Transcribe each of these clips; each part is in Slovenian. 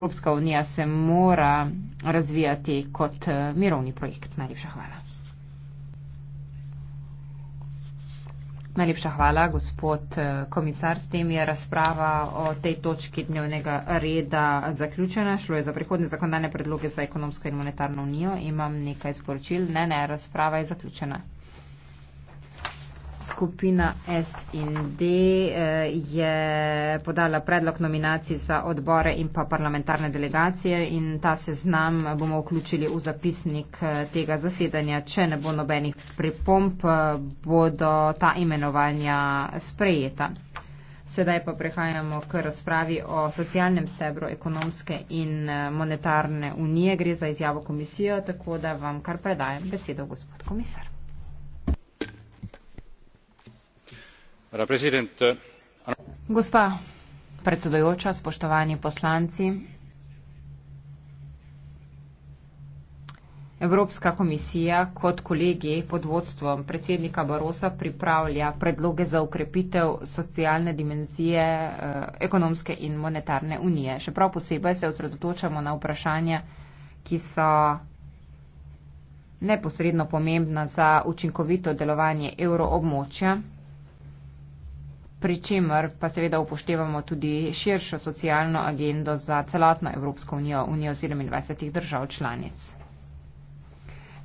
Evropska unija se mora razvijati kot eh, mirovni projekt. Najlepša hvala. Najlepša hvala, gospod eh, komisar. S tem je razprava o tej točki dnevnega reda zaključena. Šlo je za prihodne zakonodajne predloge za ekonomsko in monetarno unijo. Imam nekaj sporočil. Ne, ne, razprava je zaključena skupina SND eh, je podala predlog nominacij za odbore in pa parlamentarne delegacije in ta seznam bomo vključili v zapisnik eh, tega zasedanja. Če ne bo nobenih pripomp, eh, bodo ta imenovanja sprejeta. Sedaj pa prehajamo k razpravi o socialnem stebru ekonomske in monetarne unije. Gre za izjavo komisijo, tako da vam kar predajem besedo, gospod komisar. Uh, gospa predsedujoča spoštovani poslanci evropska komisija kot kolegi pod vodstvom predsednika barossa pripravlja predloge za okrepitev socialne dimenzije eh, ekonomske in monetarne unije še prav posebej se osredotočamo na vprašanja ki so neposredno pomembna za učinkovito delovanje evroobmočja pri čemer pa seveda upoštevamo tudi širšo socialno agendo za celotno Evropsko unijo, unijo 27 držav članic.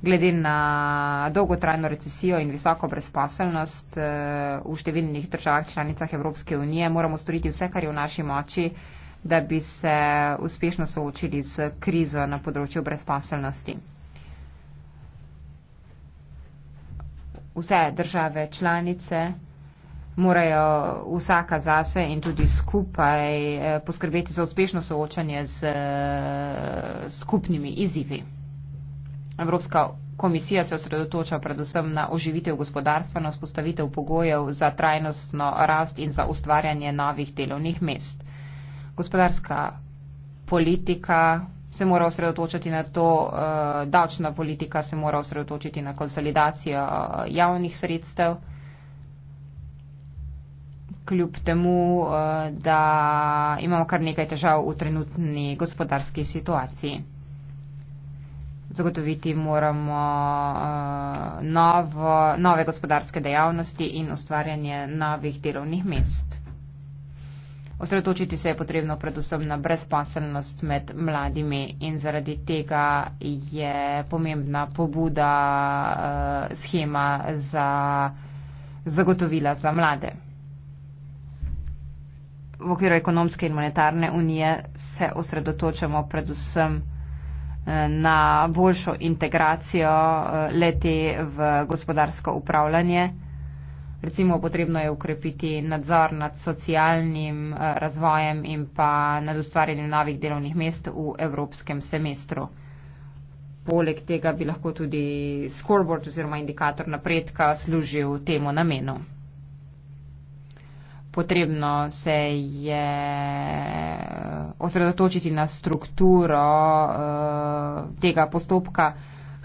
Glede na dolgotrajno recesijo in visoko brezposelnost eh, v številnih državah članicah Evropske unije moramo storiti vse, kar je v naši moči, da bi se uspešno soočili z krizo na področju brezposelnosti. Vse države članice morajo vsaka zase in tudi skupaj eh, poskrbeti za uspešno soočanje z eh, skupnimi izzivi. Evropska komisija se osredotoča predvsem na oživitev gospodarstva, na vzpostavitev pogojev za trajnostno rast in za ustvarjanje novih delovnih mest. Gospodarska politika se mora osredotočiti na to, eh, davčna politika se mora osredotočiti na konsolidacijo javnih sredstev kljub temu, eh, da imamo kar nekaj težav v trenutni gospodarski situaciji. Zagotoviti moramo eh, novo, nove gospodarske dejavnosti in ustvarjanje novih delovnih mest. Osredotočiti se je potrebno predvsem na brezposelnost med mladimi in zaradi tega je pomembna pobuda eh, schema za zagotovila za mlade v okviru ekonomske in monetarne unije se osredotočamo predvsem eh, na boljšo integracijo eh, leti v gospodarsko upravljanje. Recimo potrebno je ukrepiti nadzor nad socialnim eh, razvojem in pa nad ustvarjanjem novih delovnih mest v evropskem semestru. Poleg tega bi lahko tudi scoreboard oziroma indikator napredka služil temu namenu potrebno se je eh, osredotočiti na strukturo uh, tega postopka,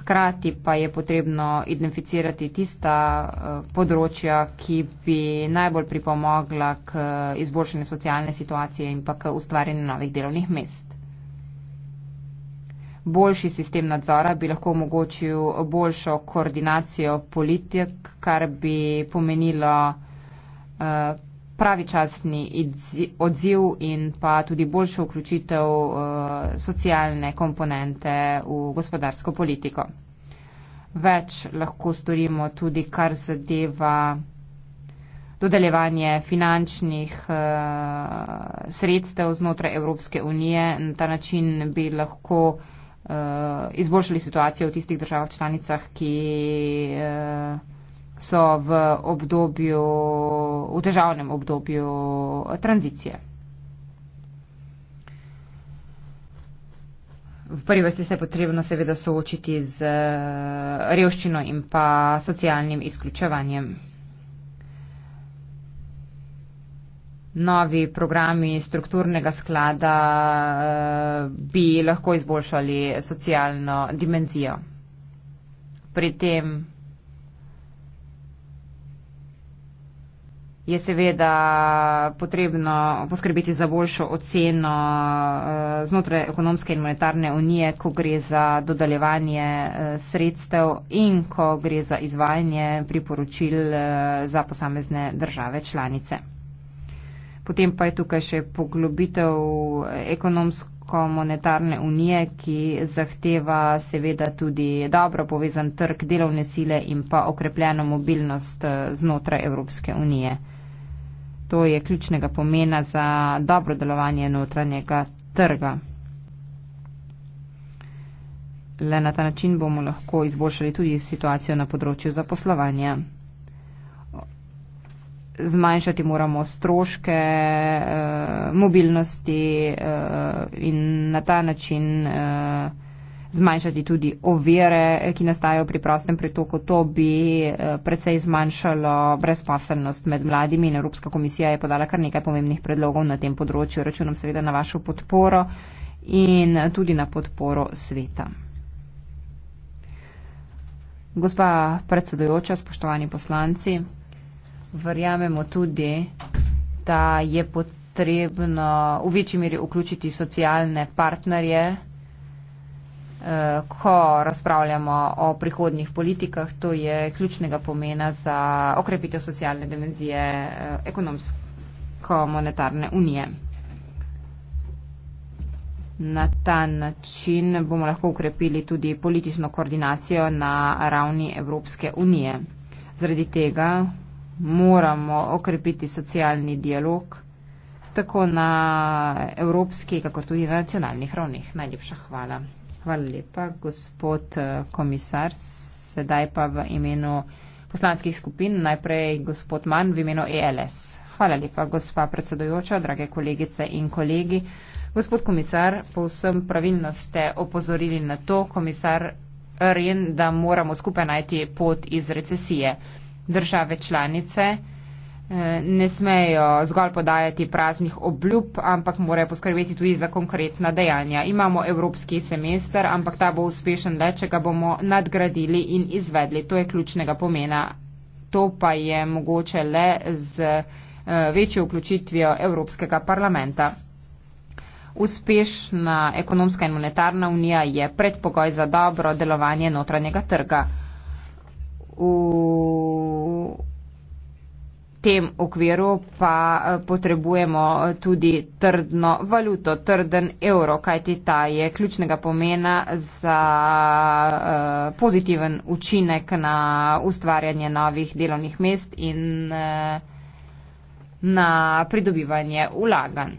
hkrati pa je potrebno identificirati tista uh, področja, ki bi najbolj pripomogla k izboljšanju socialne situacije in pa k ustvarjanju novih delovnih mest. Boljši sistem nadzora bi lahko omogočil boljšo koordinacijo politik, kar bi pomenilo uh, pravi časni odziv in pa tudi boljšo vključitev eh, socialne komponente v gospodarsko politiko. Več lahko storimo tudi, kar zadeva dodeljevanje finančnih eh, sredstev znotraj Evropske unije. Na ta način bi lahko eh, izboljšali situacijo v tistih državah članicah, ki so v obdobju, v težavnem obdobju tranzicije. V prvi vrsti se je potrebno seveda soočiti z eh, revščino in pa socialnim izključevanjem. Novi programi strukturnega sklada eh, bi lahko izboljšali socialno dimenzijo. Pri tem je seveda potrebno poskrbeti za boljšo oceno eh, znotraj ekonomske in monetarne unije, ko gre za dodaljevanje eh, sredstev in ko gre za izvajanje priporočil eh, za posamezne države članice. Potem pa je tukaj še poglobitev ekonomsko-monetarne unije, ki zahteva seveda tudi dobro povezan trg delovne sile in pa okrepljeno mobilnost znotraj Evropske unije to je ključnega pomena za dobro delovanje notranjega trga. Le na ta način bomo lahko izboljšali tudi situacijo na področju zaposlovanja. Zmanjšati moramo stroške, eh, mobilnosti eh, in na ta način eh, zmanjšati tudi ovire, ki nastajajo pri prostem pritoku. To bi eh, predvsej zmanjšalo brezposelnost med mladimi in Evropska komisija je podala kar nekaj pomembnih predlogov na tem področju. Računam seveda na vašo podporo in tudi na podporo sveta. Gospa predsedojoča, spoštovani poslanci, verjamemo tudi, da je potrebno v večji meri vključiti socialne partnerje. Eh, ko razpravljamo o prihodnih politikah, to je ključnega pomena za okrepitev socialne dimenzije eh, ekonomsko-monetarne unije. Na ta način bomo lahko ukrepili tudi politično koordinacijo na ravni Evropske unije. Zaradi tega moramo okrepiti socialni dialog tako na evropski, kako tudi na nacionalnih ravnih. Najlepša hvala. Hvala lepa, gospod eh, komisar. Sedaj pa v imenu poslanskih skupin, najprej gospod Mann v imenu ELS. Hvala lepa, gospa predsedojoča, drage kolegice in kolegi. Gospod komisar, povsem pravilno ste opozorili na to, komisar Rin, da moramo skupaj najti pot iz recesije. Države članice ne smejo zgolj podajati praznih obljub, ampak morajo poskrbeti tudi za konkretna dejanja. Imamo evropski semester, ampak ta bo uspešen le, če ga bomo nadgradili in izvedli. To je ključnega pomena. To pa je mogoče le z eh, večjo vključitvijo Evropskega parlamenta. Uspešna ekonomska in monetarna unija je predpogoj za dobro delovanje notranjega trga. V tem okviru pa eh, potrebujemo tudi trdno valuto, trden evro, kajti ta je ključnega pomena za eh, pozitiven učinek na ustvarjanje novih delovnih mest in eh, na pridobivanje ulagan.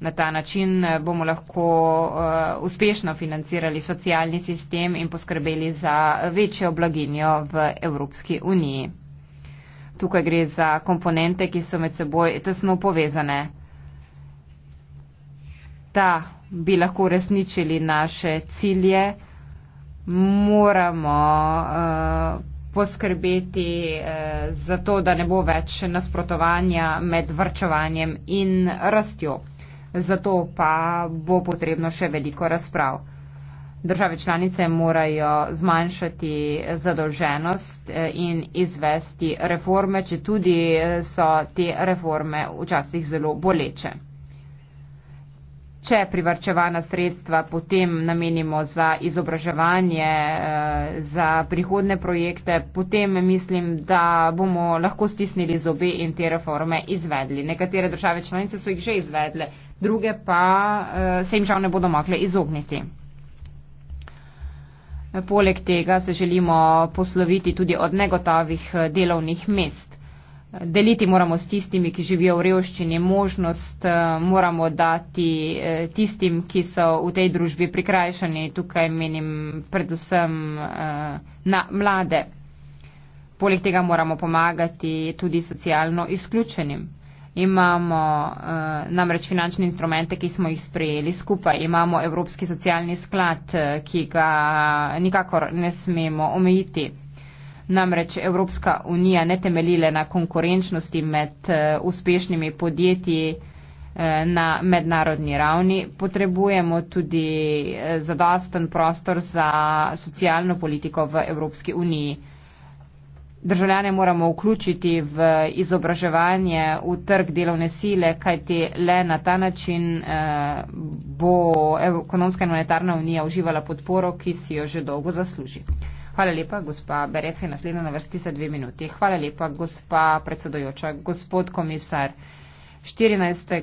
Na ta način bomo lahko uspešno financirali socialni sistem in poskrbeli za večjo blaginjo v Evropski uniji tukaj gre za komponente, ki so med seboj tesno povezane. Da bi lahko uresničili naše cilje, moramo uh, poskrbeti uh, za to, da ne bo več nasprotovanja med vrčevanjem in rastjo. Zato pa bo potrebno še veliko razprav države članice morajo zmanjšati zadolženost eh, in izvesti reforme, če tudi eh, so te reforme včasih zelo boleče. Če privrčevana sredstva potem namenimo za izobraževanje, eh, za prihodne projekte, potem mislim, da bomo lahko stisnili zobe in te reforme izvedli. Nekatere države članice so jih že izvedle, druge pa se jim žal ne bodo mogle izogniti. Poleg tega se želimo posloviti tudi od negotovih eh, delovnih mest. Deliti moramo s tistimi, ki živijo v revščini, možnost eh, moramo dati eh, tistim, ki so v tej družbi prikrajšani, tukaj menim predvsem na mlade. Poleg tega moramo pomagati tudi socialno izključenim imamo uh, namreč finančne instrumente, ki smo jih sprejeli skupaj, imamo Evropski socialni sklad, eh, ki ga nikakor ne smemo omejiti. Namreč Evropska unija ne temeljile na konkurenčnosti med uh, uspešnimi podjetji na mednarodni ravni. Potrebujemo tudi zadosten prostor za socialno politiko v Evropski uniji državljane moramo vključiti v izobraževanje, v trg delovne sile, kajti le na ta način eh, bo ekonomska in monetarna unija uživala podporo, ki si jo že dolgo zasluži. Hvala lepa, gospa Berec je naslednja na vrsti za dve minuti. Hvala lepa, gospa predsedojoča, gospod komisar. 14.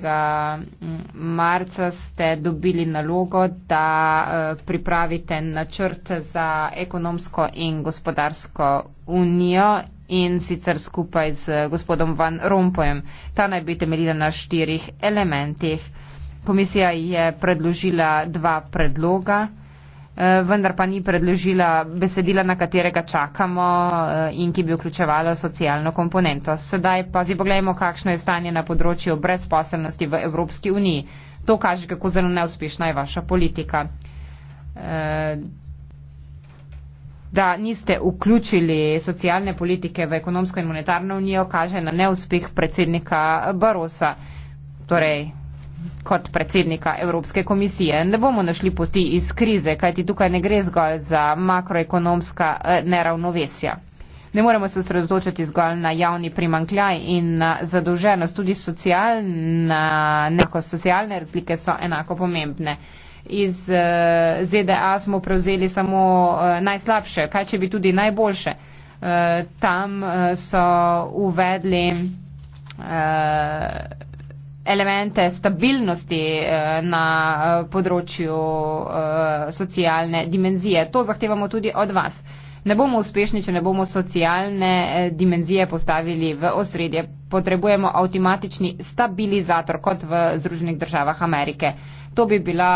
Mm, marca ste dobili nalogo, da eh, pripravite načrt za ekonomsko in gospodarsko unijo in sicer skupaj z gospodom Van Rompojem. Ta naj bi temeljila na štirih elementih. Komisija je predložila dva predloga. Eh, vendar pa ni predložila besedila, na katerega čakamo eh, in ki bi vključevalo socialno komponento. Sedaj pa si pogledajmo, kakšno je stanje na področju brezposelnosti v Evropski uniji. To kaže, kako zelo neuspešna je vaša politika. Eh, da niste vključili socialne politike v ekonomsko in monetarno unijo, kaže na neuspeh predsednika Barosa. Torej, kot predsednika Evropske komisije. Ne bomo našli poti iz krize, kajti tukaj ne gre zgolj za makroekonomska eh, neravnovesja. Ne moremo se osredotočiti zgolj na javni primankljaj in na zadolženost, tudi socialne, socialne razlike so enako pomembne. Iz eh, ZDA smo prevzeli samo eh, najslabše, kaj če bi tudi najboljše. Tam so uvedli elemente stabilnosti eh, na eh, področju eh, socialne dimenzije. To zahtevamo tudi od vas. Ne bomo uspešni, če ne bomo socialne dimenzije postavili v osredje. Potrebujemo avtomatični stabilizator, kot v Združenih državah Amerike. To bi, bila,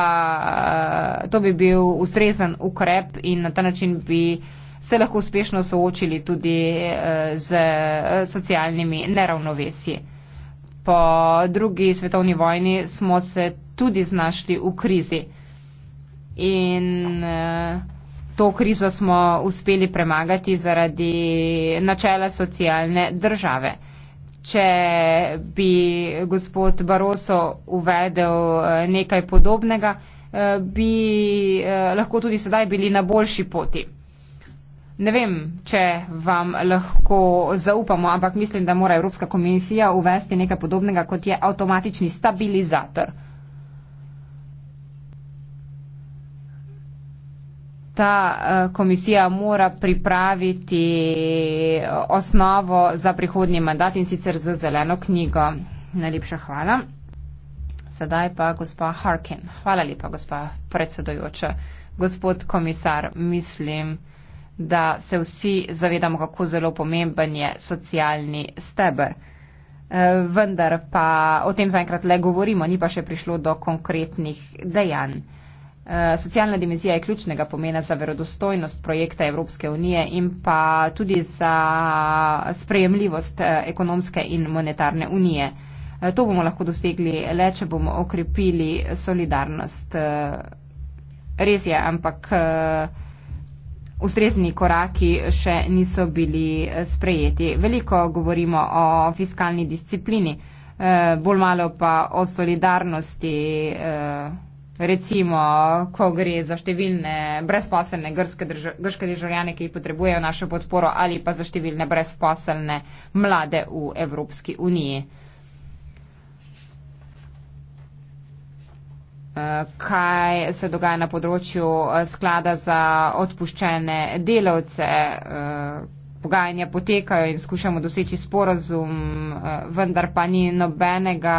to bi bil ustrezen ukrep in na ta način bi se lahko uspešno soočili tudi z socialnimi neravnovesji po drugi svetovni vojni smo se tudi znašli v krizi. In uh, to krizo smo uspeli premagati zaradi načela socialne države. Če bi gospod Baroso uvedel eh, nekaj podobnega, eh, bi lahko tudi sedaj bili na boljši poti. Ne vem, če vam lahko zaupamo, ampak mislim, da mora Evropska komisija uvesti nekaj podobnega, kot je avtomatični stabilizator. Ta eh, komisija mora pripraviti eh, osnovo za prihodnji mandat in sicer za zeleno knjigo. Najlepša hvala. Sedaj pa gospa Harkin. Hvala lepa, gospa predsedojoča. Gospod komisar, mislim da se vsi zavedamo, kako zelo pomemben je socialni steber. E, vendar pa o tem zaenkrat le govorimo, ni pa še prišlo do konkretnih dejanj. E, socialna dimenzija je ključnega pomena za verodostojnost projekta Evropske unije in pa tudi za sprejemljivost e, ekonomske in monetarne unije. To bomo lahko dosegli le, če bomo okrepili solidarnost. Res je, ampak ustrezni koraki še niso bili eh, sprejeti. Veliko govorimo o fiskalni disciplini, eh, bolj malo pa o solidarnosti, eh, recimo, ko gre za številne brezposelne grške, drž grške državljane, ki potrebujejo našo podporo ali pa za številne brezposelne mlade v Evropski uniji. Eh, kaj se dogaja na področju eh, sklada za odpuščene delavce. Eh, pogajanja potekajo in skušamo doseči sporazum, vendar pa ni nobenega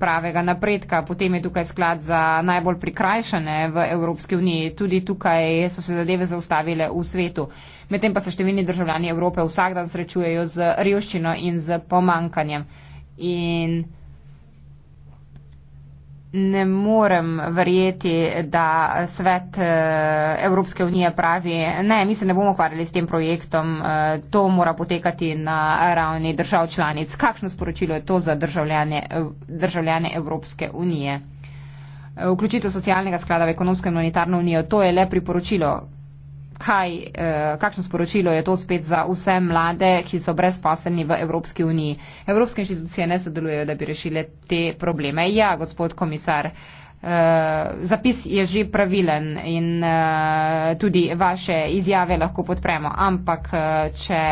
pravega napredka. Potem je tukaj sklad za najbolj prikrajšane v Evropski uniji. Tudi tukaj so se zadeve zaustavile v svetu. Medtem pa se številni državljani Evrope vsak dan srečujejo z revščino in z pomankanjem. In ne morem verjeti, da svet eh, Evropske unije pravi, ne, mi se ne bomo ukvarjali s tem projektom, eh, to mora potekati na ravni držav članic. Kakšno sporočilo je to za državljane, eh, državljane Evropske unije? Vključitev socialnega sklada v ekonomsko in monetarno unijo, to je le priporočilo kaj, eh, kakšno sporočilo je to spet za vse mlade, ki so brezposelni v Evropski uniji. Evropske inštitucije ne sodelujejo, da bi rešile te probleme. Ja, gospod komisar, eh, zapis je že pravilen in eh, tudi vaše izjave lahko podpremo, ampak eh, če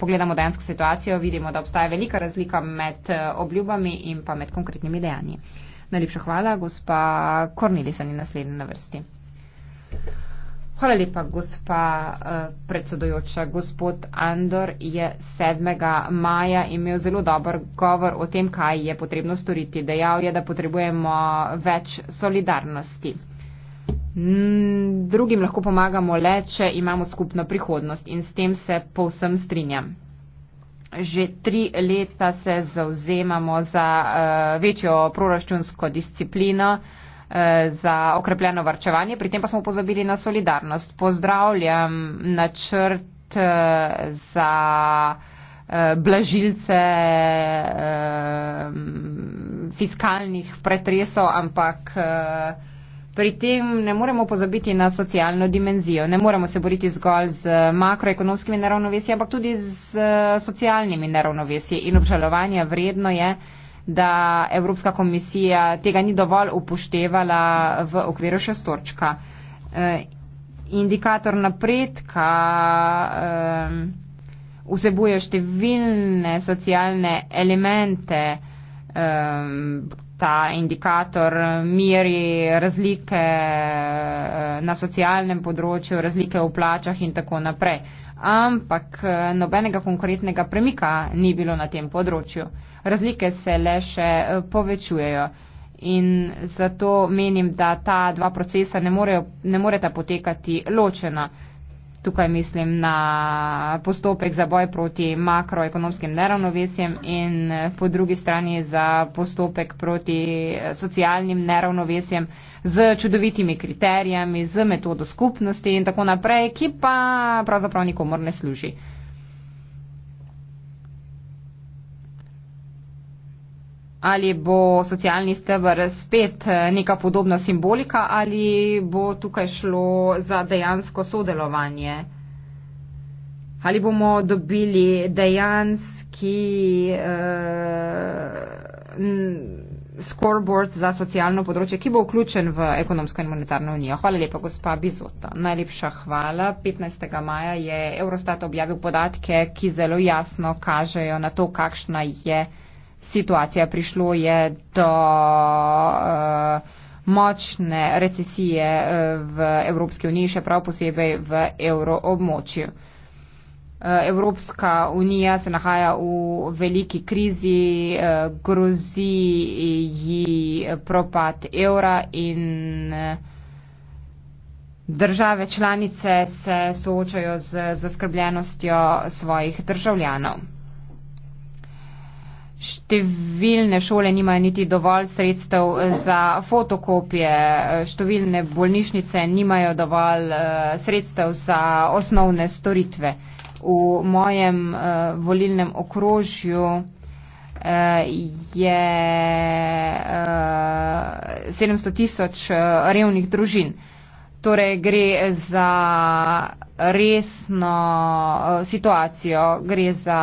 pogledamo dejansko situacijo, vidimo, da obstaja velika razlika med eh, obljubami in pa med konkretnimi dejanji. Najlepša hvala, gospa Kornilisa ni naslednja na vrsti. Hvala lepa, gospa eh, predsedojoča. Gospod Andor je 7. maja imel zelo dober govor o tem, kaj je potrebno storiti. Dejal je, da potrebujemo več solidarnosti. Mm, drugim lahko pomagamo le, če imamo skupno prihodnost in s tem se povsem strinjam. Že tri leta se zauzemamo za uh, večjo proračunsko disciplino. Uh, Eh, za okrepljeno varčevanje, pri tem pa smo pozabili na solidarnost. Pozdravljam načrt eh, za eh, blažilce fiskalnih pretresov, ampak pri tem ne moremo pozabiti na socialno dimenzijo. Ne moremo se boriti zgolj z makroekonomskimi neravnovesji, ampak tudi z socialnimi neravnovesji. In obžalovanja vredno je, da Evropska komisija tega ni dovolj upoštevala v okviru šestorčka. Eh, indikator napredka eh, vsebuje številne socialne elemente. Eh, ta indikator miri razlike na socialnem področju, razlike v plačah in tako naprej ampak eh, nobenega konkretnega premika ni bilo na tem področju. Razlike se le še eh, povečujejo in zato menim, da ta dva procesa ne, morejo, ne moreta potekati ločena. Tukaj mislim na postopek za boj proti makroekonomskim neravnovesjem in eh, po drugi strani za postopek proti socialnim neravnovesjem, z čudovitimi kriterijami, z metodo skupnosti in tako naprej, ki pa pravzaprav nikomor ne služi. Ali bo socialni stebr spet eh, neka podobna simbolika ali bo tukaj šlo za dejansko sodelovanje? Ali bomo dobili dejanski. Eh, scoreboard za socialno področje, ki bo vključen v ekonomsko in monetarno unijo. Hvala lepa, gospa Bizota. Najlepša hvala. 15. maja je Eurostat objavil podatke, ki zelo jasno kažejo na to, kakšna je situacija. Prišlo je do uh, močne recesije eh, v Evropski uniji, še prav posebej v evroobmočju. Evropska unija se nahaja v veliki krizi, eh, grozi ji propad evra in eh, države članice se soočajo z zaskrbljenostjo svojih državljanov. Številne šole nimajo niti dovolj sredstev za fotokopije, številne bolnišnice nimajo dovolj eh, sredstev za osnovne storitve v mojem uh, volilnem okrožju uh, je uh, eh, 700 tisoč uh, revnih družin. Torej gre za resno situacijo, gre za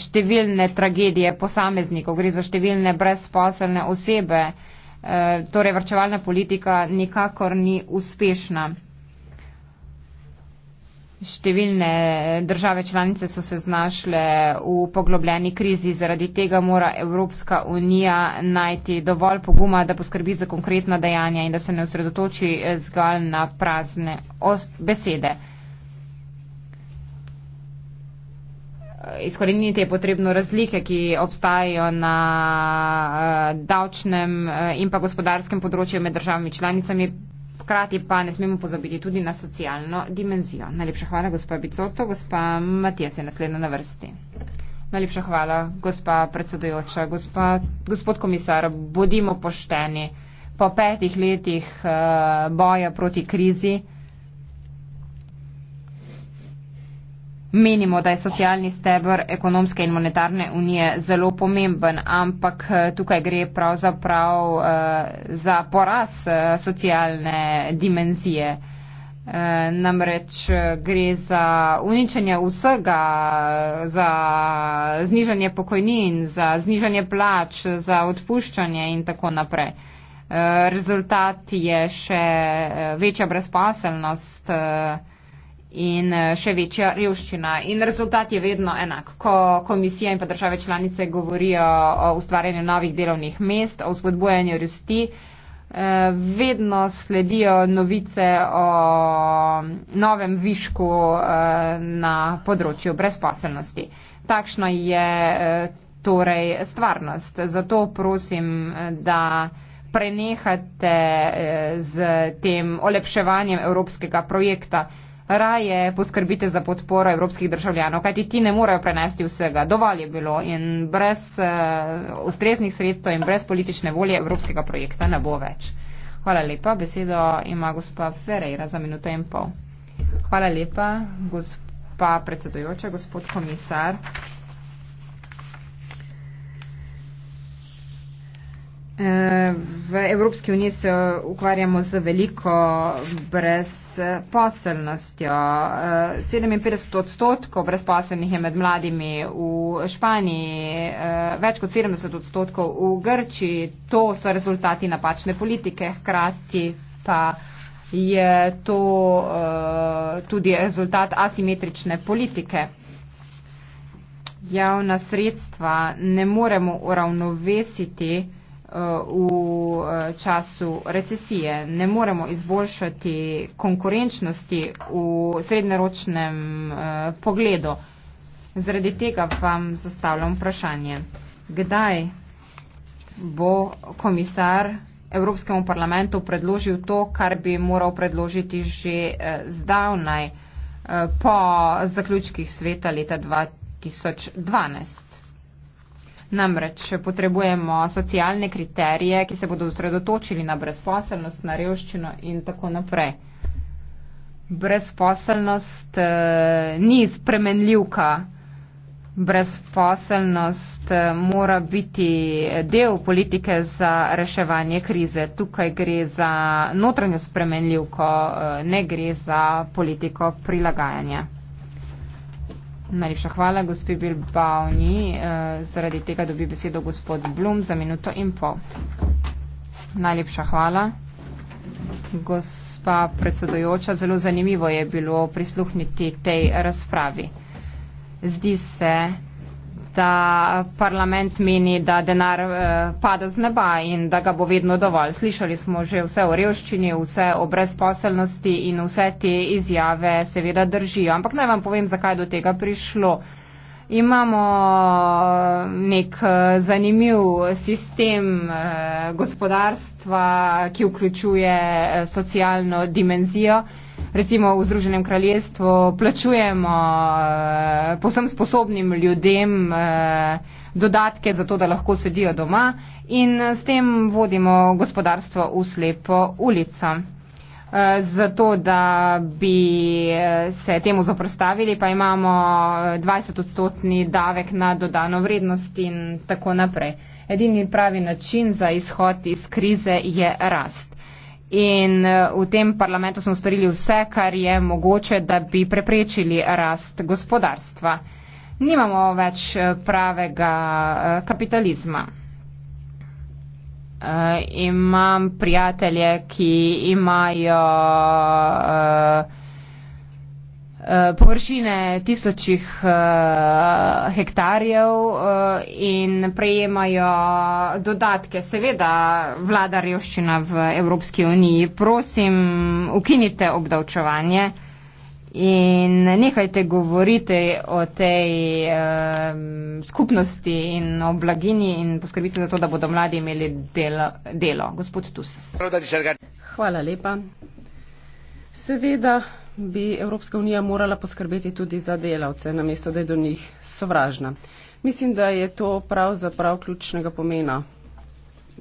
številne tragedije posameznikov, gre za številne brezposelne osebe, torej vrčevalna politika nikakor ni uspešna. Številne države članice so se znašle v poglobljeni krizi, zaradi tega mora Evropska unija najti dovolj poguma, da poskrbi za konkretna dejanja in da se ne osredotoči zgolj na prazne besede. Izkoreniniti je potrebno razlike, ki obstajajo na eh, davčnem eh, in pa gospodarskem področju med državami članicami hkrati pa ne smemo pozabiti tudi na socialno dimenzijo. Najlepša hvala, gospa Bicoto. Gospa Matijas je naslednja na vrsti. Najlepša hvala, gospa predsedujoča. Gospa, gospod komisar, bodimo pošteni. Po petih letih uh, boja proti krizi, Menimo, da je socialni stebr ekonomske in monetarne unije zelo pomemben, ampak eh, tukaj gre pravzaprav uh, za poraz uh, socialne dimenzije. Uh, namreč gre za uničenje vsega, za znižanje pokojnin, za znižanje plač, za odpuščanje in tako naprej. Uh, rezultat je še večja brezpaselnost. Uh, in eh, še večja revščina. In rezultat je vedno enak. Ko komisija in pa države članice govorijo o ustvarjanju novih delovnih mest, o spodbujanju rasti, eh, vedno sledijo novice o novem višku eh, na področju brezposelnosti. Takšna je torej stvarnost. Zato prosim, da prenehate z tem olepševanjem evropskega projekta, raje poskrbite za podporo evropskih državljanov, kajti ti ne morejo prenesti vsega. Dovolj je bilo in brez uh, ustreznih sredstev in brez politične volje evropskega projekta ne bo več. Hvala lepa. Besedo ima gospa Ferreira za minuto in pol. Hvala lepa, gospa predsedojoča, gospod komisar. Eh, v Evropski uniji se ukvarjamo z veliko brezposelnostjo. 57 eh, odstotkov brezposelnih je med mladimi v Španiji, eh, več kot 70 odstotkov v Grčiji. To so rezultati napačne politike, hkrati pa je to tudi rezultat asimetrične politike. Javna sredstva ne moremo uravnovesiti, v eh, času recesije. Ne moremo izboljšati konkurenčnosti v srednjeročnem eh, pogledu. Zaradi tega vam zastavljam vprašanje. Kdaj bo komisar Evropskemu parlamentu predložil to, kar bi moral predložiti že eh, zdavnaj po zaključkih sveta leta 2012? Namreč potrebujemo socialne kriterije, ki se bodo usredotočili na brezposelnost, na revščino in tako naprej. Brezposelnost eh, ni spremenljivka. Brezposelnost eh, mora biti del politike za reševanje krize. Tukaj gre za notranjo spremenljivko, eh, ne gre za politiko prilagajanja. Najlepša hvala, gospod Bilbaoni. Eh, zaradi tega dobi besedo gospod Blum za minuto in pol. Najlepša hvala. Gospa predsedojoča, zelo zanimivo je bilo prisluhniti tej razpravi. Zdi se, da parlament meni, da denar eh, pada z neba in da ga bo vedno dovolj. Slišali smo že vse o revščini, vse o brezposelnosti in vse te izjave seveda držijo. Ampak naj vam povem, zakaj do tega prišlo. Imamo eh, nek eh, zanimiv sistem gospodarstva, ki vključuje socialno dimenzijo recimo v Združenem kraljestvu plačujemo uh, eh, posem sposobnim ljudem uh, dodatke za to, da lahko sedijo doma in s tem vodimo gospodarstvo v slepo ulico. Eh, zato, da bi se temu zaprostavili, pa imamo 20 odstotni davek na dodano vrednost in tako naprej. Edini pravi način za izhod iz krize je rast. In eh, v tem parlamentu smo storili vse, kar je mogoče, da bi preprečili rast gospodarstva. Nimamo več eh, pravega eh, kapitalizma. Uh, imam prijatelje, ki imajo uh, Eh, površine tisočih uh, hektarjev uh, in prejemajo dodatke. Seveda vlada revščina v Evropski uniji. Prosim, ukinite obdavčevanje in nehajte govoriti o tej uh, skupnosti in o blagini in poskrbite za to, da bodo mladi imeli delo. delo. Gospod Tusas. Hvala lepa. Seveda bi Evropska unija morala poskrbeti tudi za delavce, namesto da je do njih sovražna. Mislim, da je to pravzaprav ključnega pomena.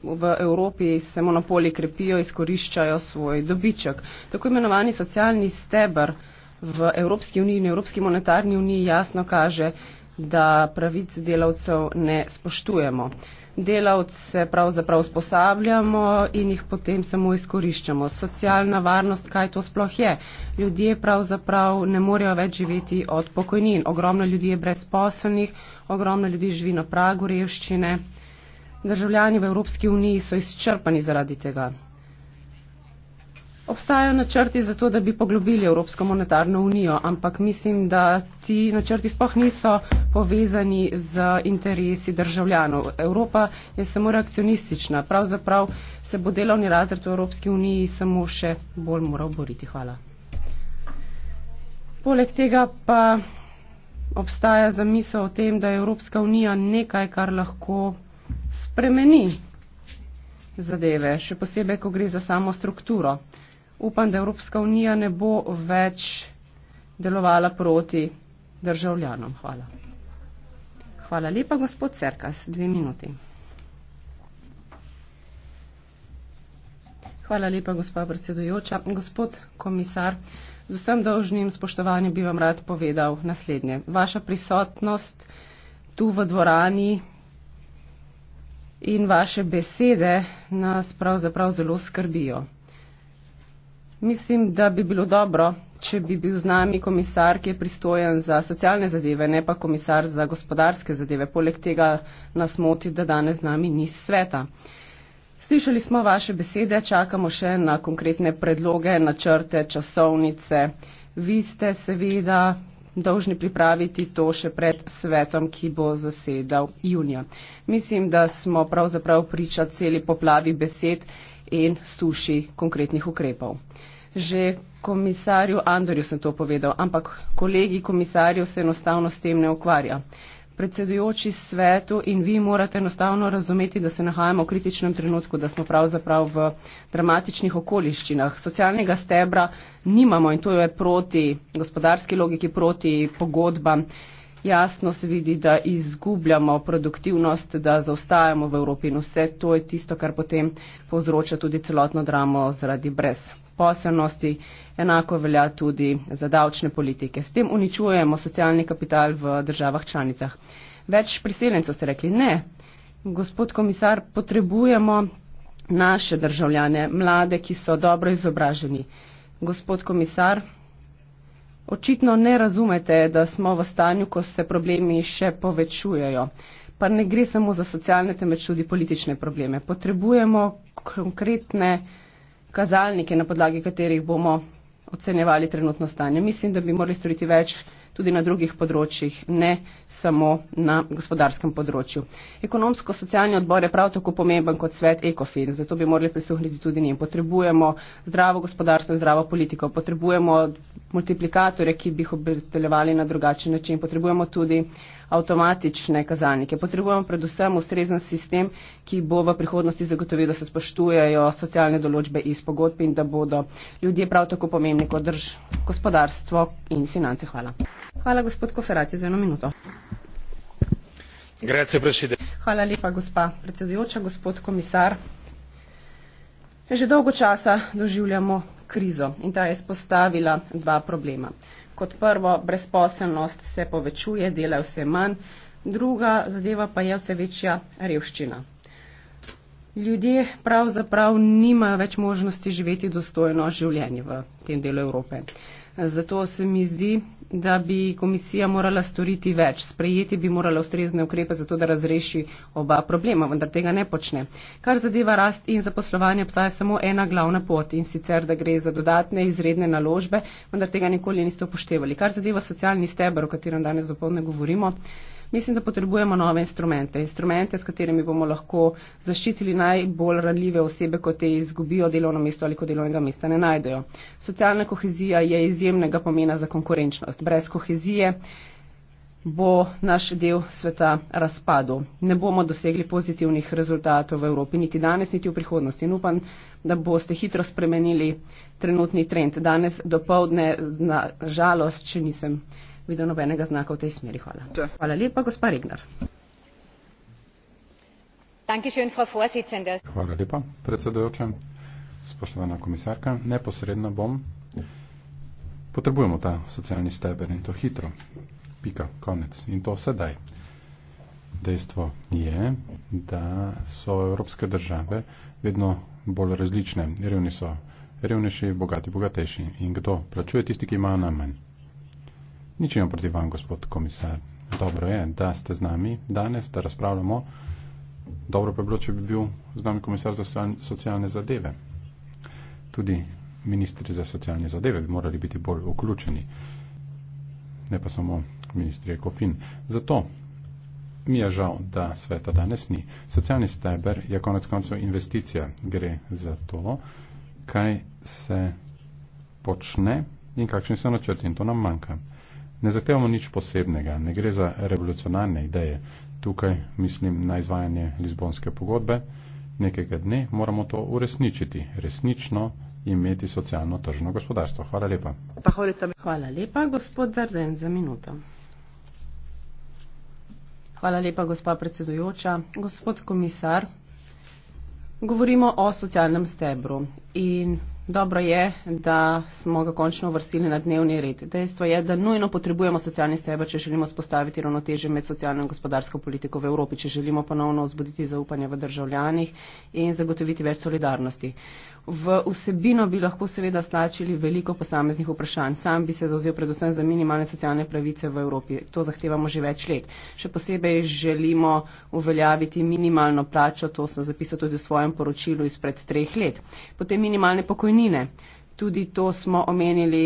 V Evropi se monopoli krepijo, izkoriščajo svoj dobiček. Tako imenovani socialni stebr v Evropski uniji in Evropski monetarni uniji jasno kaže, da pravic delavcev ne spoštujemo delavce pravzaprav sposabljamo in jih potem samo izkoriščamo. Socialna varnost, kaj to sploh je? Ljudje pravzaprav ne morejo več živeti od pokojnin. Ogromno ljudi je brezposobnih, ogromno ljudi živi na pragu revščine. Državljani v Evropski uniji so izčrpani zaradi tega. Obstajajo načrti za to, da bi poglobili Evropsko monetarno unijo, ampak mislim, da ti načrti spoh niso povezani z interesi državljanov. Evropa je samo reakcionistična. Pravzaprav se bo delovni razred v Evropski uniji samo še bolj moral boriti. Hvala. Poleg tega pa obstaja zamisel o tem, da je Evropska unija nekaj, kar lahko spremeni zadeve, še posebej, ko gre za samo strukturo upam, da Evropska unija ne bo več delovala proti državljanom. Hvala. Hvala lepa, gospod Cerkas. Dve minuti. Hvala lepa, gospa predsedujoča. Gospod komisar, z vsem dolžnim spoštovanjem bi vam rad povedal naslednje. Vaša prisotnost tu v dvorani in vaše besede nas pravzaprav zelo skrbijo. Mislim, da bi bilo dobro, če bi bil z nami komisar, ki je pristojen za socialne zadeve, ne pa komisar za gospodarske zadeve. Poleg tega nas moti, da danes z nami ni sveta. Slišali smo vaše besede, čakamo še na konkretne predloge, načrte, časovnice. Vi ste seveda dolžni pripraviti to še pred svetom, ki bo zasedal junija. Mislim, da smo pravzaprav priča celi poplavi besed in suši konkretnih ukrepov že komisarju Andorju sem to povedal, ampak kolegi komisarju se enostavno s tem ne ukvarja. Predsedujoči svetu in vi morate enostavno razumeti, da se nahajamo v kritičnem trenutku, da smo pravzaprav v dramatičnih okoliščinah. Socialnega stebra nimamo in to je proti gospodarski logiki, proti pogodbam. Jasno se vidi, da izgubljamo produktivnost, da zaostajamo v Evropi in vse to je tisto, kar potem povzroča tudi celotno dramo zaradi brez brezposelnosti, enako velja tudi za davčne politike. S tem uničujemo socialni kapital v državah članicah. Več priseljencev ste rekli ne. Gospod komisar, potrebujemo naše državljane, mlade, ki so dobro izobraženi. Gospod komisar, očitno ne razumete, da smo v stanju, ko se problemi še povečujejo. Pa ne gre samo za socialne, temveč tudi politične probleme. Potrebujemo konkretne kazalnike, na podlagi katerih bomo ocenjevali trenutno stanje. Mislim, da bi morali storiti več tudi na drugih področjih, ne samo na gospodarskem področju. Ekonomsko-socialni odbor je prav tako pomemben kot svet ECOFIN, zato bi morali prisluhniti tudi njim. Potrebujemo zdravo gospodarstvo in zdravo politiko, potrebujemo multiplikatorje, ki bi jih obdelovali na drugačen način, potrebujemo tudi uh, avtomatične kazalnike. Potrebujemo predvsem ustrezen sistem, ki bo v prihodnosti zagotovil, da se spoštujejo socialne določbe iz pogodb in da bodo ljudje prav tako pomembni kot drž gospodarstvo in finance. Hvala. Hvala, gospod Koferati, za eno minuto. Grazie, Hvala lepa, gospa predsedujoča, gospod komisar. Že dolgo časa doživljamo krizo in ta je spostavila dva problema. Kot prvo, brezposelnost se povečuje, dela vse manj, druga zadeva pa je vse večja revščina. Ljudje pravzaprav nimajo več možnosti živeti dostojno življenje v tem delu Evrope. Uh, Zato se mi zdi, da bi komisija morala storiti več. Sprejeti bi morala ustrezne ukrepe za to, da razreši oba problema, vendar tega ne počne. Kar zadeva rast in zaposlovanje, obstaja samo ena glavna pot in sicer, da gre za dodatne izredne naložbe, vendar tega nikoli niste upoštevali. Kar zadeva socialni steber, o katerem danes zapolne govorimo, Mislim, da potrebujemo nove instrumente. Instrumente, s katerimi bomo lahko zaščitili najbolj ranljive osebe, ko te izgubijo delovno mesto ali ko delovnega mesta ne najdejo. Socialna kohezija je izjemnega pomena za konkurenčnost. Brez kohezije bo naš del sveta razpadel. Ne bomo dosegli pozitivnih rezultatov v Evropi, niti danes, niti v prihodnosti. In upam, da boste hitro spremenili trenutni trend. Danes do povdne, na žalost, če nisem videl nobenega znaka v tej smeri. Hvala. Hvala lepa, gospa Regnar. Hvala lepa, predsedujoča. Spoštovana komisarka, neposredno bom. Potrebujemo ta socialni steber in to hitro. Pika, konec. In to sedaj. Dejstvo je, da so evropske države vedno bolj različne. Revni so revnejši, bogati bogatejši. In kdo plačuje tisti, ki ima najmanj? Nič imam proti vam, gospod komisar. Dobro je, da ste z nami danes, da razpravljamo. Dobro pa bi bilo, če bi bil z nami komisar za socialne zadeve. Tudi ministri za socialne zadeve bi morali biti bolj vključeni, ne pa samo ministri Ekofin. Zato mi je žal, da sveta danes ni. Socialni steber je konec koncev investicija. Gre za to, kaj se počne in kakšni so načrti. In to nam manjka. Ne zahtevamo nič posebnega, ne gre za revolucionarne ideje. Tukaj mislim na izvajanje Lizbonske pogodbe. Nekega dne moramo to uresničiti, resnično imeti socialno tržno gospodarstvo. Hvala lepa. Hvala lepa, gospod Darden, za minuto. Hvala lepa, gospa predsedujoča. Gospod komisar, govorimo o socialnem stebru in Dobro je, da smo ga končno uvrstili na dnevni red. Dejstvo je, da nujno potrebujemo socialni steber, če želimo spostaviti ravnoteže med socialno in gospodarsko politiko v Evropi, če želimo ponovno vzbuditi zaupanje v državljanih in zagotoviti več solidarnosti. V vsebino bi lahko seveda stlačili veliko posameznih vprašanj. Sam bi se zauzel predvsem za minimalne socialne pravice v Evropi. To zahtevamo že več let. Še posebej želimo uveljaviti minimalno plačo, to sem zapisal tudi v svojem poročilu izpred treh let. Potem minimalne pokojnine. Tudi to smo omenili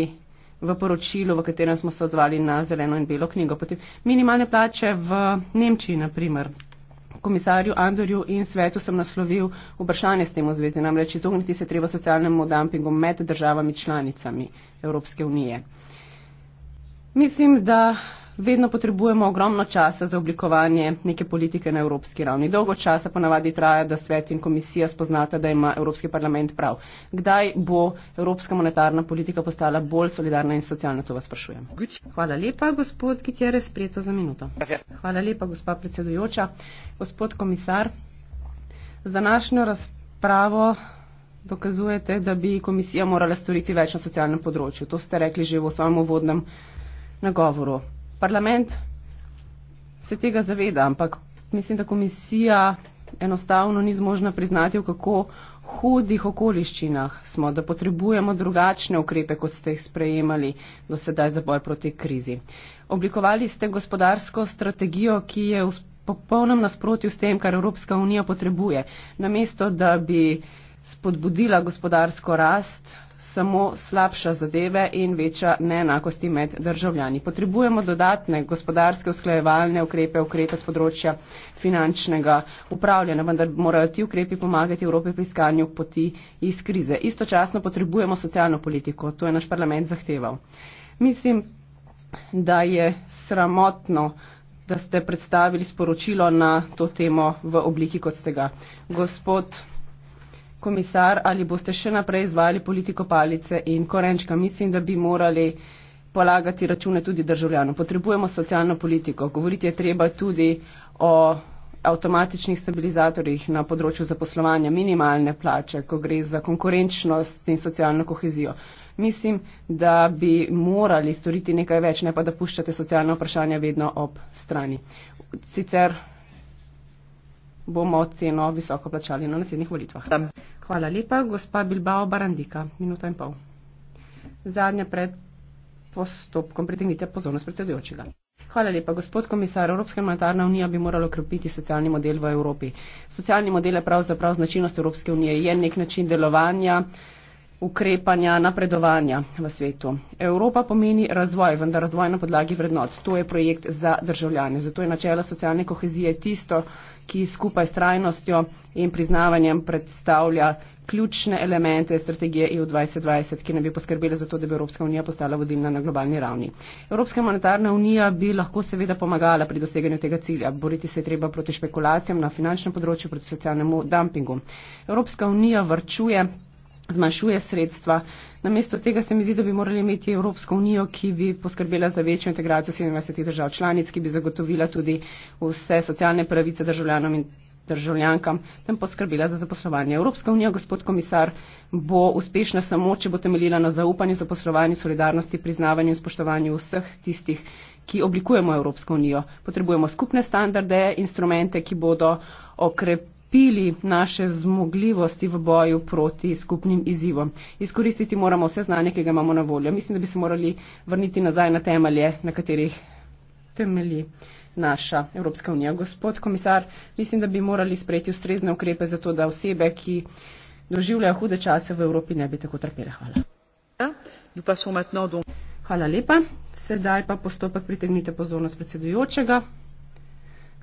v poročilu, v katerem smo se odzvali na zeleno in belo knjigo. Potem minimalne plače v Nemčiji, na primer, komisarju Andorju in svetu sem naslovil vprašanje s tem v zvezi, namreč izogniti se treba socialnemu dumpingu med državami članicami Evropske unije. Mislim, da vedno potrebujemo ogromno časa za oblikovanje neke politike na evropski ravni. Dolgo časa ponavadi traja, da svet in komisija spoznata, da ima Evropski parlament prav. Kdaj bo evropska monetarna politika postala bolj solidarna in socialna, to vas sprašujem. Hvala lepa, gospod Kitjere, sprijeto za minuto. Hvala lepa, gospa predsedujoča. Gospod komisar, z današnjo razpravo dokazujete, da bi komisija morala storiti več na socialnem področju. To ste rekli že v svojem uvodnem nagovoru parlament se tega zaveda, ampak mislim, da komisija enostavno ni zmožna priznati, v kako hudih okoliščinah smo, da potrebujemo drugačne ukrepe, kot ste jih sprejemali do sedaj za boj proti krizi. Oblikovali ste gospodarsko strategijo, ki je v popolnem nasprotju s tem, kar Evropska unija potrebuje. Namesto, da bi spodbudila gospodarsko rast, samo slabša zadeve in veča neenakosti med državljani. Potrebujemo dodatne gospodarske usklajevalne ukrepe, ukrepe z področja finančnega upravljanja, vendar morajo ti ukrepi pomagati Evropi pri iskanju poti iz krize. Istočasno potrebujemo socialno politiko, to je naš parlament zahteval. Mislim, da je sramotno, da ste predstavili sporočilo na to temo v obliki, kot ste ga. Gospod komisar, ali boste še naprej izvajali politiko palice in korenčka? Mislim, da bi morali polagati račune tudi državljanom. Potrebujemo socialno politiko. Govoriti je treba tudi o avtomatičnih stabilizatorjih na področju zaposlovanja minimalne plače, ko gre za konkurenčnost in socialno kohezijo. Mislim, da bi morali storiti nekaj več, ne pa da puščate socialno vprašanje vedno ob strani. Sicer bomo ceno visoko plačali na naslednjih volitvah. Hvala lepa, gospa Bilbao Barandika. Minuta in pol. Zadnja pred postopkom pritegnite pozornost predsedujočega. Hvala lepa, gospod komisar. Evropska monetarna unija bi morala okrepiti socialni model v Evropi. Socialni model je pravzaprav značilnost Evropske unije. Je nek način delovanja ukrepanja, napredovanja v svetu. Evropa pomeni razvoj, vendar razvoj na podlagi vrednot. To je projekt za državljane. Zato je načela socialne kohezije tisto, ki skupaj s trajnostjo in priznavanjem predstavlja ključne elemente strategije EU 2020, ki ne bi poskrbeli za to, da bi Evropska unija postala vodilna na globalni ravni. Evropska monetarna unija bi lahko seveda pomagala pri doseganju tega cilja. Boriti se je treba proti špekulacijam na finančnem področju, proti socialnemu dumpingu. Evropska unija vrčuje zmanjšuje sredstva. Namesto tega se mi zdi, da bi morali imeti Evropsko unijo, ki bi poskrbela za večjo integracijo 27 držav članic, ki bi zagotovila tudi vse socialne pravice državljanom in državljankam, tem poskrbila za zaposlovanje. Evropska unija, gospod komisar, bo uspešna samo, če bo temeljila na zaupanju, zaposlovanju, solidarnosti, priznavanju in spoštovanju vseh tistih, ki oblikujemo Evropsko unijo. Potrebujemo skupne standarde, instrumente, ki bodo okrepili okrepili naše zmogljivosti v boju proti skupnim izzivom. Izkoristiti moramo vse znanje, ki ga imamo na voljo. Mislim, da bi se morali vrniti nazaj na temelje, na katerih temelji naša Evropska unija. Gospod komisar, mislim, da bi morali sprejeti ustrezne ukrepe za to, da osebe, ki doživljajo hude čase v Evropi, ne bi tako trpele. Hvala. Hvala lepa. Sedaj pa postopek pritegnite pozornost predsedujočega.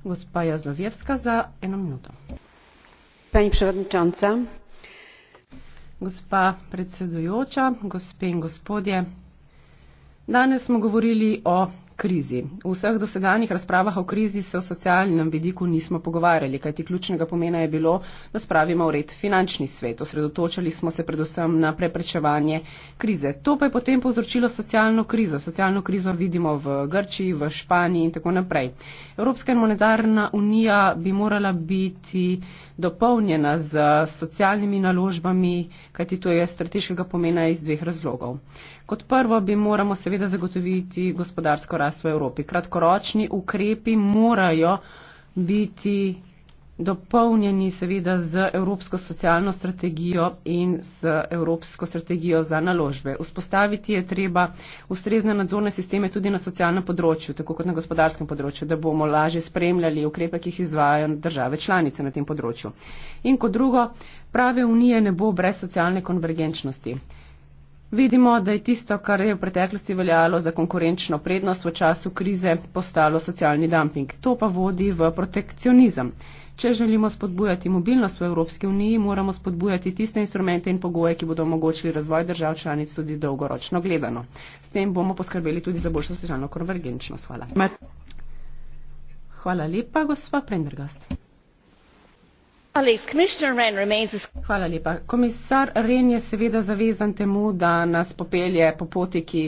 Gospa Jazlovjevska za eno minuto pani przewodnicząca! Gospa predsedujoča, gospe in gospodje! Danes smo govorili o krizi. V vseh dosedanjih razpravah o krizi se o socialnem vidiku nismo pogovarjali, kajti ključnega pomena je bilo, da spravimo v red finančni svet. Osredotočali smo se predvsem na preprečevanje krize. To pa je potem povzročilo socialno krizo. Socialno krizo vidimo v Grčiji, v Španiji in tako naprej. Evropska monetarna unija bi morala biti dopolnjena z socialnimi naložbami, kajti to je strateškega pomena iz dveh razlogov. Kot prvo bi moramo seveda zagotoviti gospodarsko rast v Evropi. Kratkoročni ukrepi morajo biti dopolnjeni seveda z Evropsko socialno strategijo in z Evropsko strategijo za naložbe. Vzpostaviti je treba ustrezne nadzorne sisteme tudi na socialnem področju, tako kot na gospodarskem področju, da bomo lažje spremljali ukrepe, ki jih izvajajo države članice na tem področju. In kot drugo, prave unije ne bo brez socialne konvergenčnosti. Vidimo, da je tisto, kar je v preteklosti veljalo za konkurenčno prednost v času krize, postalo socialni dumping. To pa vodi v protekcionizem. Če želimo spodbujati mobilnost v Evropski uniji, moramo spodbujati tiste instrumente in pogoje, ki bodo omogočili razvoj držav članic tudi dolgoročno gledano. S tem bomo poskrbeli tudi za boljšo socialno konvergenčnost. Hvala. Hvala lepa, gospa Prendergast komisar rehn je seveda zavezan temu da nas popelje po poti ki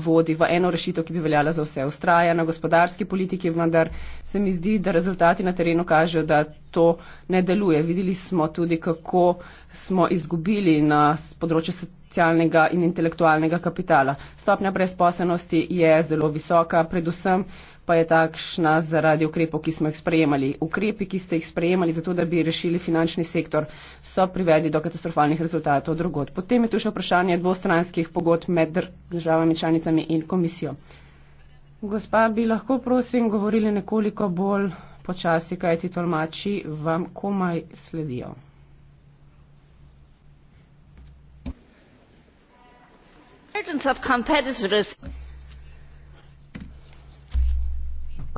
vodi v eno rešitev ki bi veljala za vse ustraja na gospodarski politiki vendar se mi zdi da rezultati na terenu kažejo da to ne deluje videli smo tudi kako smo izgubili na področju socialnega in intelektualnega kapitala. Stopnja brezposelnosti je zelo visoka, predvsem pa je takšna zaradi ukrepov, ki smo jih sprejemali. Ukrepi, ki ste jih sprejemali zato, da bi rešili finančni sektor, so privedli do katastrofalnih rezultatov drugod. Potem je tu še vprašanje dvostranskih pogod med državami članicami in komisijo. Gospa, bi lahko prosim govorili nekoliko bolj počasi, kaj ti tolmači vam komaj sledijo. Of competitiveness.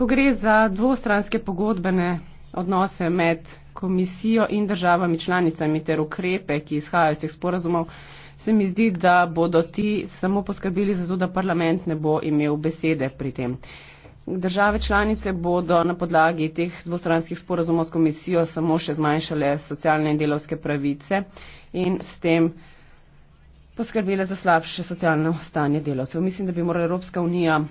ko gre za dvostranske pogodbene odnose med komisijo in državami članicami ter ukrepe, ki izhajajo iz teh sporazumov, se mi zdi, da bodo ti samo poskrbeli za to, da parlament ne bo imel besede pri tem. Države članice bodo na podlagi teh dvostranskih sporazumov s komisijo samo še zmanjšale socialne in delovske pravice in s tem poskrbele za slabše socialno stanje delavcev. Mislim, da bi morala Evropska unija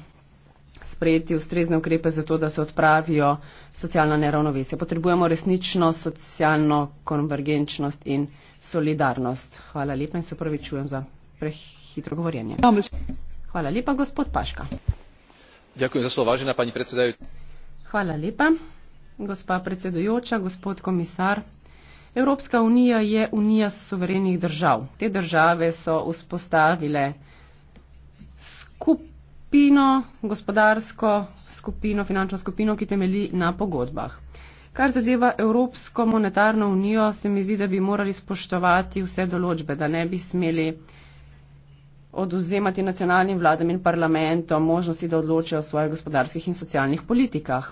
sprejeti ustrezne ukrepe za to, da se odpravijo socialna neravnovesja. Potrebujemo resnično socialno konvergenčnost in solidarnost. Hvala lepa in se upravičujem za prehitro govorjenje. Hvala lepa, gospod Paška. Ďakujem za slovo, vážená pani predsedajúca. Hvala lepa, gospa predsedujoča, gospod komisar. Evropska unija je unija suverenih držav. Te države so vzpostavile skupaj skupino, gospodarsko skupino, finančno skupino, ki temeli na pogodbah. Kar zadeva Evropsko monetarno unijo, se mi zdi, da bi morali spoštovati vse določbe, da ne bi smeli oduzemati nacionalnim vladam in parlamentom možnosti, da odločajo o svojih gospodarskih in socialnih politikah.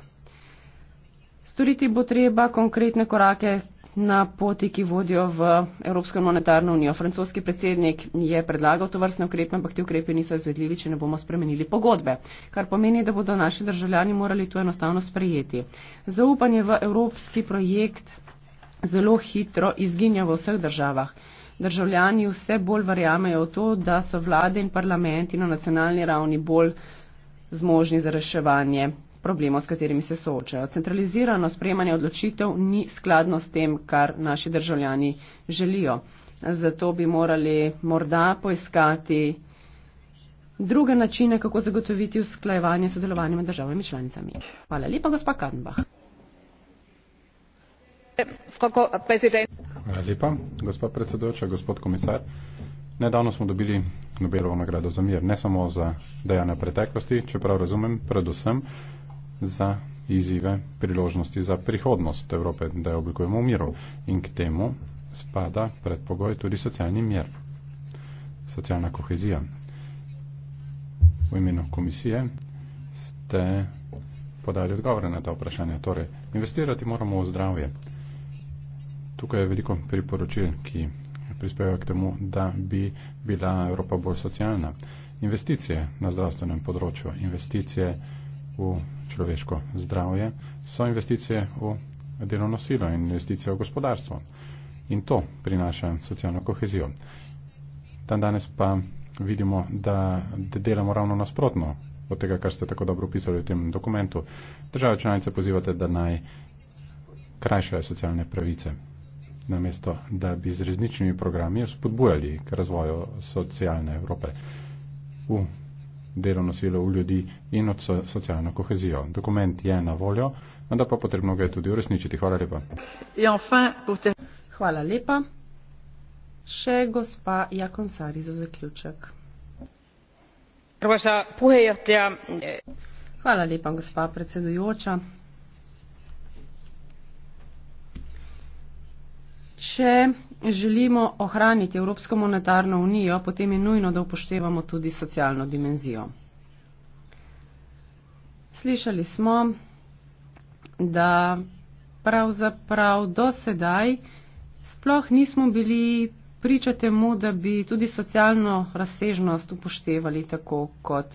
Storiti bo treba konkretne korake, na poti, ki vodijo v Evropsko monetarno unijo. Francoski predsednik je predlagal to vrstne ukrepe, ampak ti ukrepe niso izvedljivi, če ne bomo spremenili pogodbe, kar pomeni, da bodo naši državljani morali to enostavno sprejeti. Zaupanje v evropski projekt zelo hitro izginja v vseh državah. Državljani vse bolj verjamejo v to, da so vlade in parlamenti na nacionalni ravni bolj zmožni za reševanje problemov, s katerimi se soočajo. Centralizirano sprejemanje odločitev ni skladno s tem, kar naši državljani želijo. Zato bi morali morda poiskati druge načine, kako zagotoviti usklajevanje sodelovanja med državami članicami. Hvala lepa, gospa Kadenbach. Hvala lepa, gospa predsedujoča, gospod komisar. Nedavno smo dobili Nobelovo nagrado za mir, ne samo za dejanja preteklosti, čeprav razumem, predvsem za izzive, priložnosti za prihodnost Evrope, da jo oblikujemo v miru. In k temu spada predpogoj tudi socialni mir, socialna kohezija. V imenu komisije ste podali odgovore na ta vprašanja. Torej, investirati moramo v zdravje. Tukaj je veliko priporočil, ki prispevajo k temu, da bi bila Evropa bolj socialna. Investicije na zdravstvenem področju, investicije v človeško zdravje, so investicije v delovno silo in investicije v gospodarstvo. In to prinaša socialno kohezijo. Dan danes pa vidimo, da delamo ravno nasprotno od tega, kar ste tako dobro opisali v tem dokumentu. Države članice pozivate, da naj krajšajo socialne pravice, namesto da bi z rezničnimi programi spodbujali k razvoju socialne Evrope. V delovno silo v ljudi in od so, socialno kohezijo. Dokument je na voljo, vendar pa potrebno ga je tudi uresničiti. Hvala lepa. Hvala lepa. Še gospa Jakonsari za zaključek. Hvala lepa, gospa predsedujoča. Če želimo ohraniti Evropsko monetarno unijo, potem je nujno, da upoštevamo tudi socialno dimenzijo. Slišali smo, da pravzaprav do sedaj sploh nismo bili priča temu, da bi tudi socialno razsežnost upoštevali tako, kot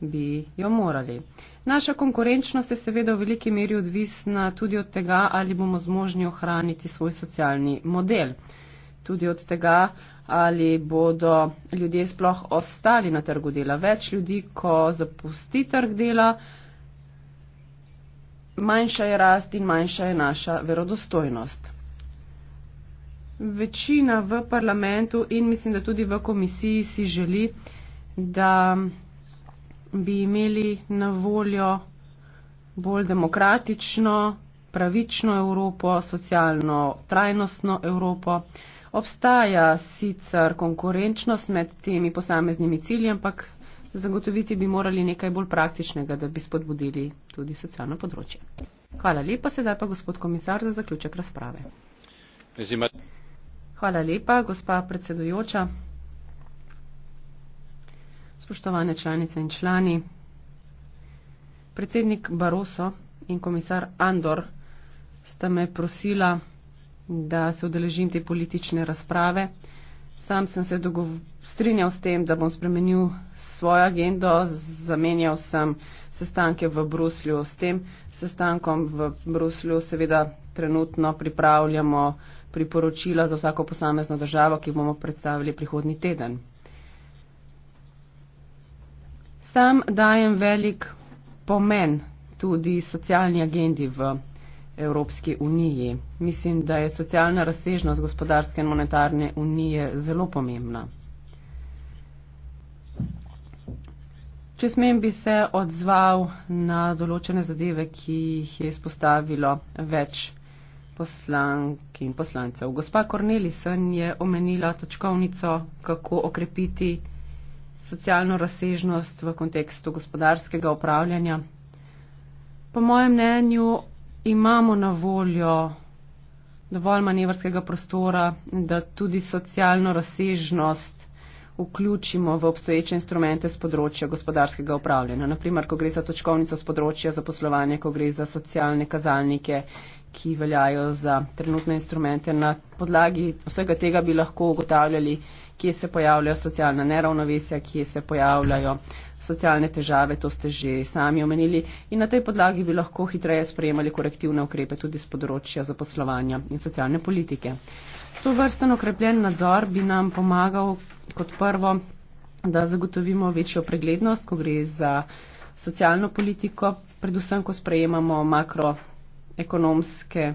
bi jo morali. Naša konkurenčnost je seveda v veliki meri odvisna tudi od tega, ali bomo zmožni ohraniti svoj socialni model. Tudi od tega, ali bodo ljudje sploh ostali na trgu dela. Več ljudi, ko zapusti trg dela, manjša je rast in manjša je naša verodostojnost. Večina v parlamentu in mislim, da tudi v komisiji si želi, da bi imeli na voljo bolj demokratično, pravično Evropo, socialno trajnostno Evropo. Obstaja sicer konkurenčnost med temi posameznimi cilji, ampak zagotoviti bi morali nekaj bolj praktičnega, da bi spodbudili tudi socialno področje. Hvala lepa, sedaj pa gospod komisar za zaključek razprave. Hvala lepa, gospa predsedujoča spoštovane članice in člani. Predsednik Baroso in komisar Andor sta me prosila, da se odeležim te politične razprave. Sam sem se strinjal s tem, da bom spremenil svojo agendo, zamenjal sem sestanke v Bruslju. S tem sestankom v Bruslju seveda trenutno pripravljamo priporočila za vsako posamezno državo, ki bomo predstavili prihodni teden. Sam dajem velik pomen tudi socialni agendi v Evropski uniji. Mislim, da je socialna razsežnost gospodarske in monetarne unije zelo pomembna. Če smem, bi se odzval na določene zadeve, ki jih je izpostavilo več poslank in poslancev. Gospa Kornelisen je omenila točkovnico, kako okrepiti socialno razsežnost v kontekstu gospodarskega upravljanja. Po mojem mnenju imamo na voljo dovolj manevrskega prostora, da tudi socialno razsežnost vključimo v obstoječe instrumente z področja gospodarskega upravljanja. Naprimer, ko gre za točkovnico z področja zaposlovanja, ko gre za socialne kazalnike ki veljajo za trenutne instrumente. Na podlagi vsega tega bi lahko ugotavljali, kje se pojavljajo socialna neravnovesja, kje se pojavljajo socialne težave, to ste že sami omenili. In na tej podlagi bi lahko hitreje sprejemali korektivne ukrepe tudi z področja zaposlovanja in socialne politike. To vrsten okrepljen nadzor bi nam pomagal kot prvo, da zagotovimo večjo preglednost, ko gre za socialno politiko, predvsem, ko sprejemamo makro ekonomske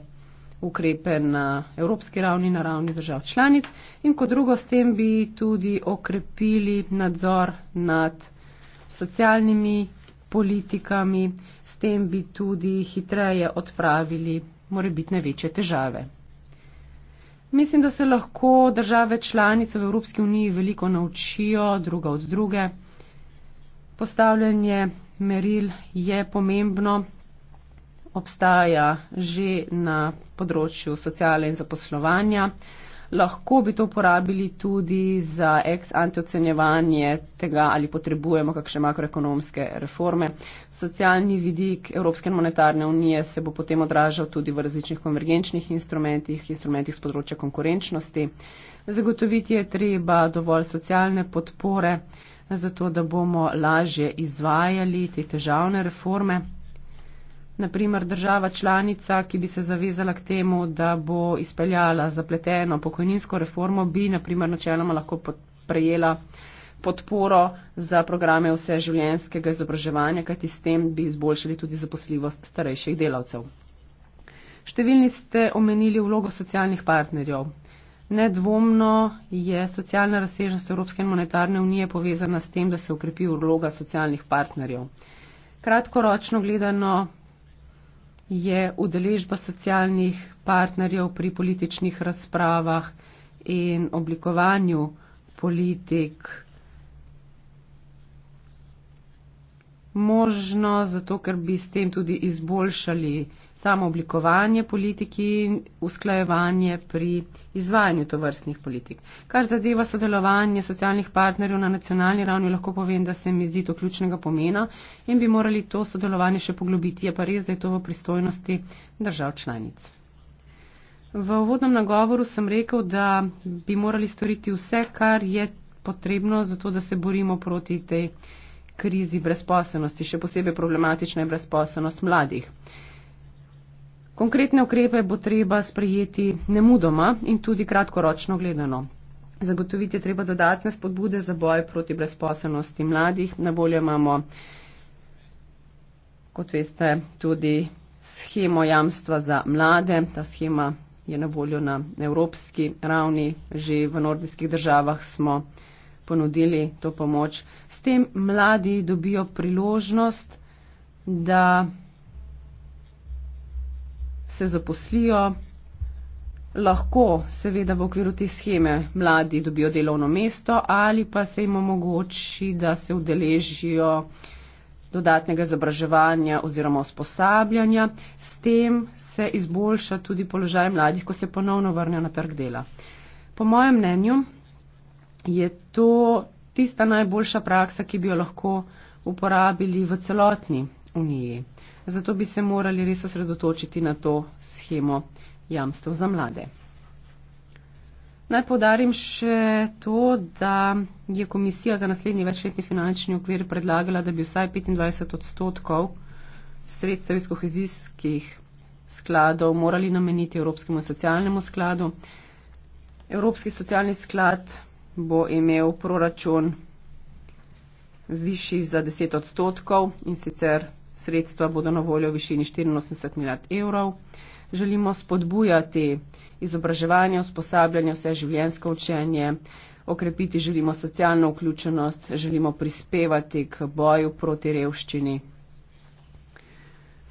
ukrepe na evropski ravni, na ravni držav članic in kot drugo s tem bi tudi okrepili nadzor nad socialnimi politikami, s tem bi tudi hitreje odpravili morebitne večje težave. Mislim, da se lahko države članice v Evropski uniji veliko naučijo druga od druge. Postavljanje meril je pomembno, obstaja že na področju sociale in zaposlovanja. Lahko bi to uporabili tudi za ex ante ocenjevanje tega, ali potrebujemo kakšne makroekonomske reforme. Socialni vidik Evropske monetarne unije se bo potem odražal tudi v različnih konvergenčnih instrumentih, instrumentih z področja konkurenčnosti. Zagotoviti je treba dovolj socialne podpore, zato da bomo lažje izvajali te težavne reforme naprimer država članica, ki bi se zavezala k temu, da bo izpeljala zapleteno pokojninsko reformo, bi naprimer načeloma lahko prejela podporo za programe vseživljenskega izobraževanja, kajti s tem bi izboljšali tudi zaposljivost starejših delavcev. Številni ste omenili vlogo socialnih partnerjev. Nedvomno je socialna razsežnost Evropske monetarne unije povezana s tem, da se ukrepi vloga socialnih partnerjev. Kratkoročno gledano je udeležba socialnih partnerjev pri političnih razpravah in oblikovanju politik možno, zato ker bi s tem tudi izboljšali samo oblikovanje politiki in usklajevanje pri izvajanju tovrstnih politik. Kar zadeva sodelovanje socialnih partnerjev na nacionalni ravni, lahko povem, da se mi zdi to ključnega pomena in bi morali to sodelovanje še poglobiti. Je pa res, da je to v pristojnosti držav članic. V uvodnem nagovoru sem rekel, da bi morali storiti vse, kar je potrebno, zato da se borimo proti tej krizi brezposelnosti, še posebej problematična je brezposelnost mladih. Konkretne ukrepe bo treba sprejeti nemudoma in tudi kratkoročno gledano. Zagotoviti je treba dodatne spodbude za boj proti brezposelnosti mladih. Na voljo imamo, kot veste, tudi schemo jamstva za mlade. Ta schema je na voljo na evropski ravni. Že v nordijskih državah smo ponudili to pomoč. S tem mladi dobijo priložnost, da se zaposlijo, lahko seveda v okviru te scheme mladi dobijo delovno mesto ali pa se jim omogoči, da se udeležijo dodatnega izobraževanja oziroma usposabljanja. S tem se izboljša tudi položaj mladih, ko se ponovno vrnejo na trg dela. Po mojem mnenju je to tista najboljša praksa, ki bi jo lahko uporabili v celotni uniji zato bi se morali res osredotočiti na to schemo jamstva za mlade. Naj podarim še to, da je komisija za naslednji večletni finančni okvir predlagala, da bi vsaj 25 odstotkov sredstev iz kohezijskih skladov morali nameniti Evropskemu socialnemu skladu. Evropski socialni sklad bo imel proračun višji za 10 odstotkov in sicer sredstva bodo na voljo v višini 84 milijard evrov. Želimo spodbujati izobraževanje, usposabljanje, vse življensko učenje, okrepiti želimo socialno vključenost, želimo prispevati k boju proti revščini.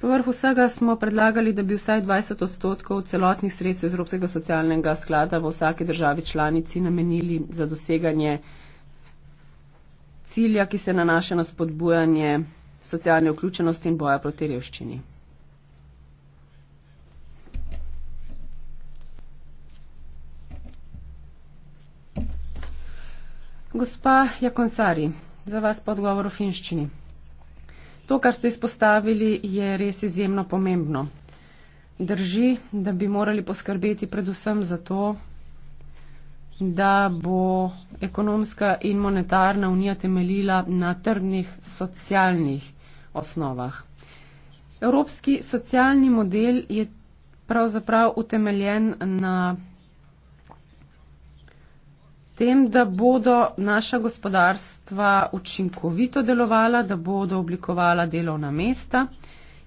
Povrh vsega smo predlagali, da bi vsaj 20 odstotkov celotnih sredstev iz Evropskega socialnega sklada v vsaki državi članici namenili za doseganje cilja, ki se nanaša na spodbujanje socialne vključenosti in boja proti revščini. Gospa Jakonsari, za vas po odgovoru v finščini. To, kar ste izpostavili, je res izjemno pomembno. Drži, da bi morali poskrbeti predvsem za to, da bo ekonomska in monetarna unija temeljila na trdnih socialnih osnovah. Evropski socialni model je pravzaprav utemeljen na tem, da bodo naša gospodarstva učinkovito delovala, da bodo oblikovala delovna mesta.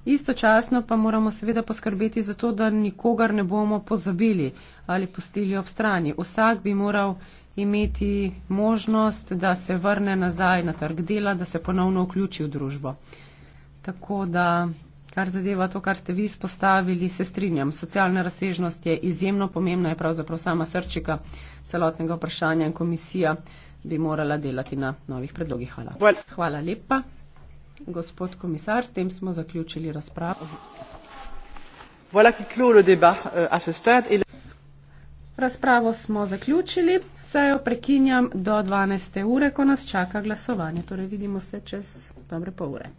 Istočasno pa moramo seveda poskrbeti za to, da nikogar ne bomo pozabili ali pustili ob strani. Vsak bi moral imeti možnost, da se vrne nazaj na trg dela, da se ponovno vključi v družbo. Tako da, kar zadeva to, kar ste vi izpostavili, se strinjam. Socialna razsežnost je izjemno pomembna, je pravzaprav sama srčika celotnega vprašanja in komisija bi morala delati na novih predlogih. Hvala. Hvala lepa gospod komisar, s tem smo zaključili razpravo. Voilà qui clôt le débat euh, à ce stade. Et le... Razpravo smo zaključili, sejo prekinjam do 12. ure, ko nas čaka glasovanje. Torej vidimo se čez dobre pol ure.